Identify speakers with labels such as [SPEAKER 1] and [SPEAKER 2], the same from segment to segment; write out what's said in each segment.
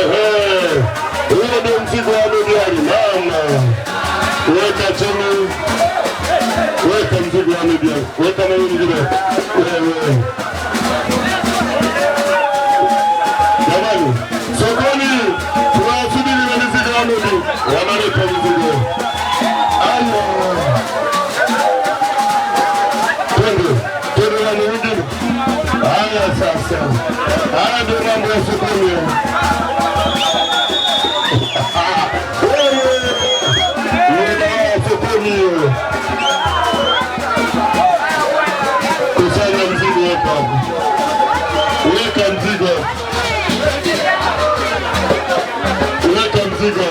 [SPEAKER 1] Ile ndio mzigo wa Midiani. Mama, weka chini, weka mzigo wa Midiani, weka na mzigo wewe. Jamani, sokoni tunawasubiri na mzigo wa Midiani, wanalipa mzigo Haya sasa, haya ndio mambo ya sokoni. kuni kusanya mzigo hapa, weka mzigo, weka mzigo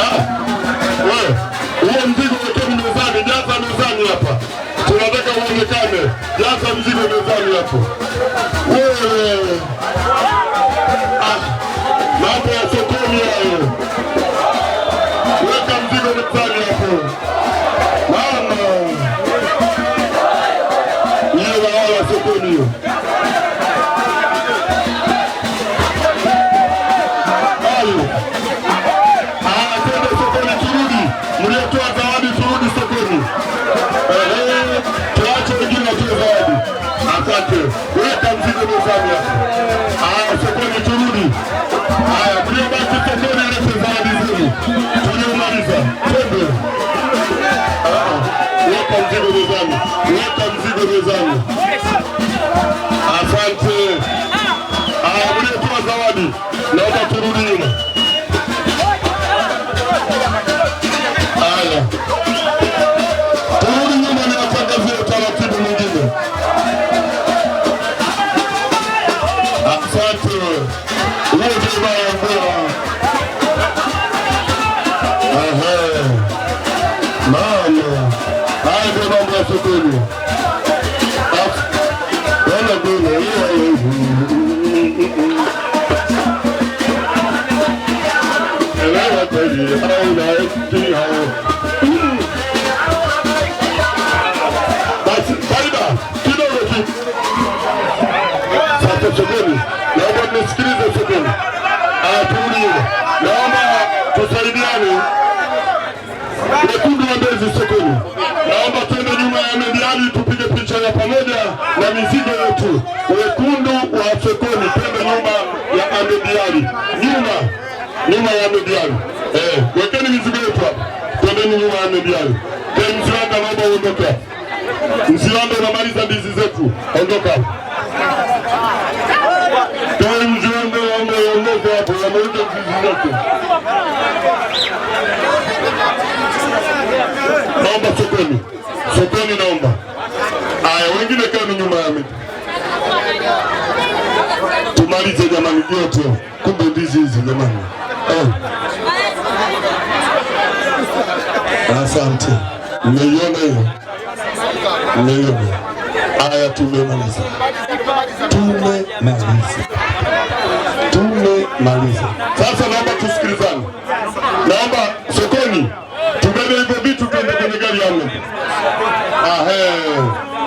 [SPEAKER 1] ah, huo mzigo wote mezani, jaza mezani hapa, tunataka uonekane, jaza mzigo mezani hapo. chini. Tuache wengine wajue zaidi. Asante. Leta mzigo unaofanya. Haya, sokoni turudi. Haya, mlio basi sokoni alete zawadi nzuri. Tuliomaliza. Twende. Ah, ah. Leta mzigo mezani. Leta mzigo mezani. Sokoni naomba mnisikilize, sokoni tuulie, naomba tusaidiane, wekundu wa Mbezi sokoni ili tupige picha ya pamoja na mizigo yetu. Wekundu wa Afcon, pembe, nyuma ya Amediali, nyuma nyuma ya Amediali. Eh, wekeni mizigo yetu hapa, twendeni nyuma ya Ahmed Ally. Msiwanda, naomba uondoke. Msiwanda, unamaliza ndizi zetu, ondoka. Msiwanda, naomba uondoke hapo, unamaliza ndizi zetu. Naomba sokoni, sokoni naomba Aya, wengine kani nyuma yami, tumalize jamani vyote. Kumbe ndizi hizi jamani. Eh. Asante, mmeiona hiyo, mmeiona. tume tumemaliza, tumemaliza, tumemaliza. Sasa naomba tusikilizane, naomba sokoni tubebe hivyo vitu, tuende kwenye gari ya Ahe.